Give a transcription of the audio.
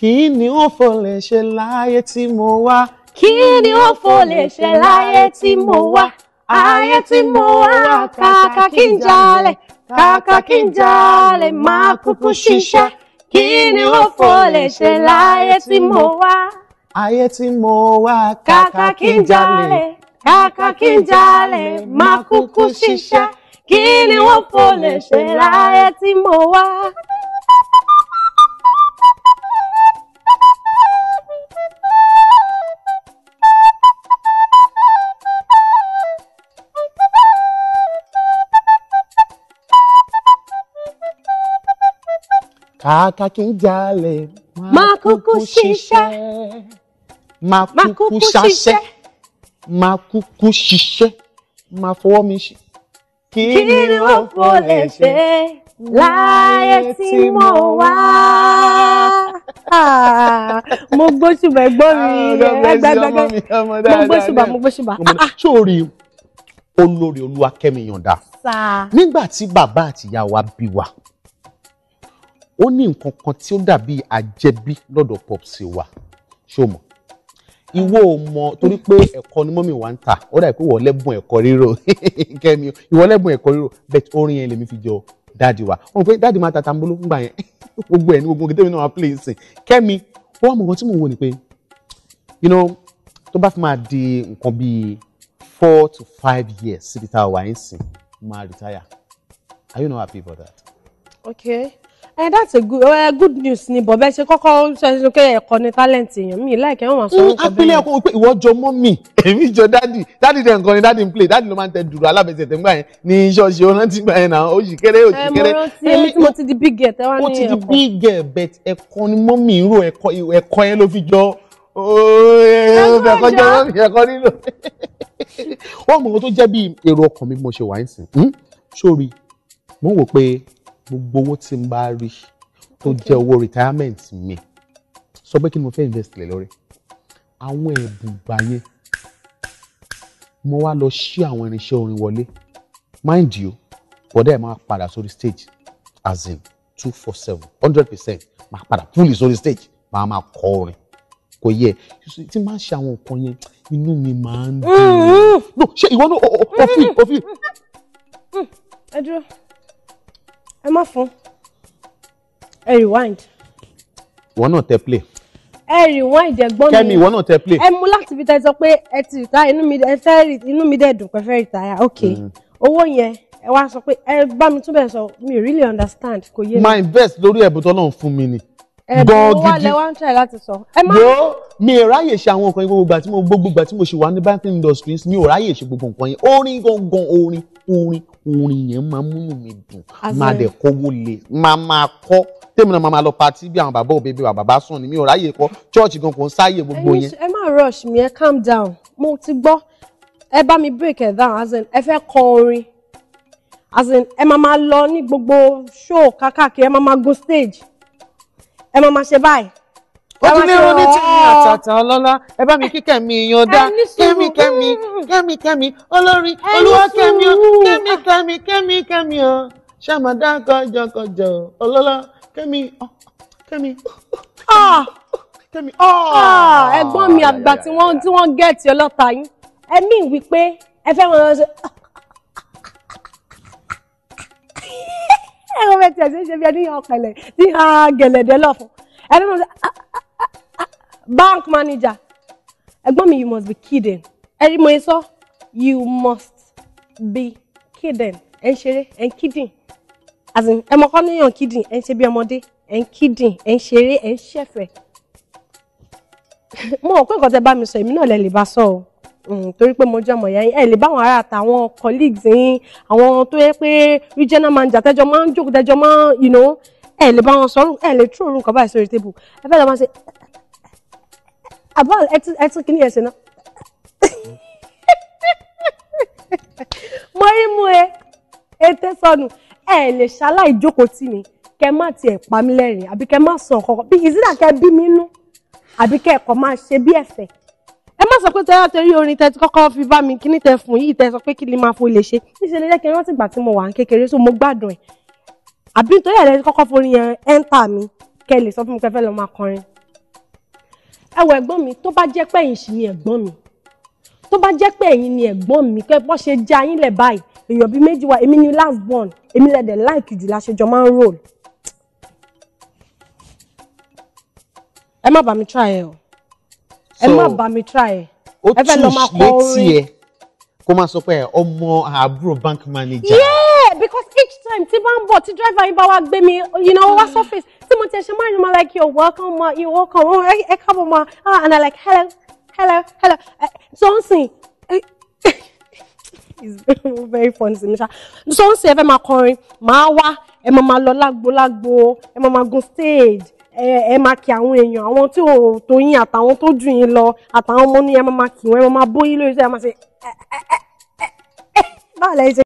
kí ni ó fò lè ṣe láyé tí mo wá. kí ni ó fò lè ṣe láyé tí mo wá ayé tí mo wá kàkà kí n jalè kàkà kí n jalè máa kúkú ṣiṣẹ́ kí ni ó fò ṣe láyé tí mo wá. ayé tí mo wá kàkà kí n jalè kàkà kí n jalè máa kúkú ṣiṣẹ́ kí ni ó fò ṣe láyé tí mo wá. kàkà kí n jalè má kúkú ṣiṣẹ́ má kúkú ṣaṣẹ́ má kúkú ṣiṣẹ́ má fọwọ́ mi ṣe. kí ni ó fò lè ṣe láyé tí mo wá. mo gbóṣùbà ẹ̀gbọ́n mi ẹgbẹgbẹgbẹ ah, mo gbóṣùbà mo gbóṣùbà. sórí ah, ah. olórí Olúwakẹ́mi Yọ̀ǹda nígbà tí bàbá àtìyá wa bí wa ó ní nǹkan kan tí ó dàbí àjẹbí lọ́dọ̀ popsi wa ṣó mọ̀ ìwọ ò mọ̀ torí pé ẹ̀kọ́ ni mọ́mì wa ń tà ó dàbí pé ìwọ lẹ́bùn ẹ̀kọ́ rírò kẹ́mi ìwọ lẹ́bùn ẹ̀kọ́ rírò bẹ́ẹ̀ tí orin yẹn lèmi fi jọ dáàdi wa wọn pé dáàdi máa ta tambolo ńgbà yẹn gbogbo ẹ̀ ní gbogbo kìtẹ́mi náà wà pílẹ̀ ìsìn kẹ́mi wọ́n mọ̀ nǹkan tí mò ń wò ni pé you know tó bá fi máa di nǹkan bíi four to five years síbi tá a wà ń sìn máa retire are you not happy about that. okay ẹ eh, that's a good, uh, good news ni bọ̀bẹ́ ṣe kọ́kọ́ ṣe kẹ́ ẹ̀kọ́ ní talent èèyàn mi láìkẹ́ wọn máa sọ wọn kọ mm, bẹ́ẹ̀. apilẹ̀ ọkọ pé ìwọ jọ mọ́ mi èmi jọ dádì dádì dẹ̀ nǹkan ni dádì ń play dádì ló máa ń tẹ dùrù alábẹ̀sẹ̀ tẹ̀ ńgbà yẹn ní ṣọ́ọ̀ṣì ó rántí gbà yẹn náà ó sì kéré ó sì eh, kéré. ẹ mo rántí èmi tí mo ti di big girl tẹ́wá ní ẹ̀kọ́. ó ti di big girl but ẹ̀kọ́ ni mọ́ mi rò ẹ̀kọ́ yẹn ló fi jọ ẹ̀kọ́ jọ mọ́ mi ẹ̀kọ́ nílò. wọ́n mọ̀ tó jẹ́ bí èrò ọkàn mo ṣe wà ń sìn hmm? sórí mo wò gbogbo owó tí n bá rí tó jẹ́ owó retirement mi sọ pé kí ni mo fẹ́ invest lé lórí àwọn ẹ̀bùn gbàyẹn mo wá lọ ṣí àwọn irinṣẹ́ orin wọlé mind you bọ́dẹ̀ ẹ̀ máa padà sórí stage as in two four seven hundred percent máa padà fúlì sórí stage máa máa kọ orin kò yẹ tí máa ń ṣe àwọn nǹkan yẹn inú mi máa ń dùn. Mm-hmm. no ṣe ìwọ náà òfin òfin. Mm-hmm. Mm-hmm. ẹ dúró ẹ má fún ẹ rewind. ìwọ náà tẹ play. ẹ rewind ẹ̀gbọ́n mi Kẹ́mi ìwọ náà tẹ play. ẹ mú láti fi tẹ sọ pé ẹ ti retire inú mi ẹ fẹ́ inú mi dẹ̀ dùn pé fẹ́ retire ok mm. owó yẹn ẹ wá sọ pé ẹ bá mi túbẹ̀ sọ mi really understand kò yé mi. máa invest lórí ẹ̀bùn tó náà fún mi ni. ẹ̀bùn owó alẹ́ wá ń tẹ̀ láti sọ. ẹ má wo mi ò ráyè ṣe àwọn nǹkan yẹn gbogbo ìgbà tí mo gbogbo ìgbà tí mo ṣe wà ní banking industries mi ò ráyè ṣe gbogbo nǹkan yẹn orin gangan orin orin orin yẹn máa múnú mi dùn máa dẹ̀ kówó le máa máa kọ́ tèmi náà máa máa lọ patí bí àwọn bàbá òbí bí wà bàbá sùn ni mi ò ráyè kọ́ chọ́ọ̀chì gan kò ń sáyè gbogbo yẹn. ẹ má rush mi ẹ calm down mo ti gbọ́ ẹ bá mi break ẹ down as in ẹ fẹ́ kọ orin as in ẹ máa máa lọ ní gbogbo show kákàkiri ẹ máa máa go stage ẹ máa máa ṣe báyìí ojúlé ronú tí mi àtàtà ọlọ́lá ẹ bá mi kí kẹ́mi yan dá kẹ́mi kẹ́mi kẹ́mi kẹ́mi olórin olúwa kẹ́mi o kẹ́mi kẹ́mi kẹ́mi kẹ́mi o ṣàmàdá kọjọkọjọ ọlọ́lá kẹ́mi kẹ́mi kẹ́mi. Ah! Ah! ẹ̀gbọ́n mi àgbà tí wọ́n tí wọ́n gẹ̀ẹ́tì ọlọ́ta yín ẹ̀mí wípé ẹ fẹ́ wọn lọ sí. ẹ̀rọ mẹ́tẹ̀ẹ̀sì ṣe fi ẹni ọkẹ̀lẹ̀ tí gẹ̀lẹ̀dẹ́ lọ fún ẹ̀mí wọn sọ bank manager ẹ̀gbọ́n mi you must be kidding ẹ̀rí mo sọ you must be kidding ẹ̀ ń ṣeré ẹ̀ ń kidding as in ẹ̀ mọ̀kọ́ níyàn kidding ẹ̀ ń ṣe bí ọmọdé ẹ̀ ń kidding ẹ̀ ń ṣeré ẹ̀ ń ṣẹ̀fẹ̀ mo rò pé nǹkan tẹ bá mi sọ èmi náà lẹ lè bá sọ o mm, torí pé mo jẹ́ ọmọ ìyá yín ẹ lè bá àwọn ará àtàwọn colleagues yín àwọn tó yẹ pé regional manager tẹjọ máa ń jókòó tẹjọ máa ń you know ẹ lè bá wọn sọ̀rọ̀ ẹ lè tú òórùn kan báyìí sórí tébù ẹ fẹ́ lọ máa ṣe àbá ẹ tún kí ni ẹ ṣe náà. mo rí mú ẹ ètè sọnù ẹ lè ṣaláì jókòó tì mí kẹ má tiẹ̀ pa mí lẹ́rìn àbí kẹ má sọ nǹkan kan bí ìsídà kẹ bí mi nú àbí kẹ ẹ̀kọ́ máa ṣe bí ẹ̀fẹ̀ ẹ má sọ pé tẹ́lá torí orin tẹ́ ti kọ́kọ́ fi bá mi kí ní tẹ fún yìí tẹ́ sọ pé kí ni máa fún ilé ṣe níṣẹ́ lẹ́jẹ́ kí n rántí ìgbà tí mo wà ní kékeré so mo gbádùn ẹ̀ àbí nítorí ẹ̀ lẹ́yìn kọ́kọ́ forin yẹn ẹ́ńtà mi kẹ́ lè sọ fún mi pé fẹ́ lọ máa kọrin ẹ wọ ẹ̀gbọ́n mi tó bá jẹ́ pé ẹ̀yin sì ni ẹ̀gbọ́n mi tó bá jẹ́ pé ẹ̀yin ni ẹ̀gbọ́n mi kẹ́ bọ́ ṣe já yín lẹ̀ báyìí èèyàn bíi méjì wá èmi ni last born èmi lẹ̀ dẹ̀ láìkì jù láṣẹjọ máa ń roll. ẹ má bá mi try ẹ o ẹ má bá mi try ẹ ẹ fẹ́ lọ máa kọ orin kó máa sọ pé ọmọ àbúrò bank manager. yeah because each time tí bá ń bọ̀ tí driver yín bá wá gbé mi you know wá surface mo ti ṣe máa ń mọ like you're welcome ma you're welcome ma ẹ káàbọ̀ ma ah and I like hello hello hello eh, Johnson. is very funny to Johnson, ṣá something ẹ fẹ́ máa kọrin máa wá ẹ máa máa lọ lágbo ẹ máa máa gun stage ẹ máa kí àwọn èèyàn àwọn tí ò tó yín àtàwọn tó jù yín lọ àtàwọn ọmọ ní ẹ máa máa kí wọn ẹ máa máa bóyín lórí ṣe ẹ máa ṣe eh, eh, báwo lẹ ṣe.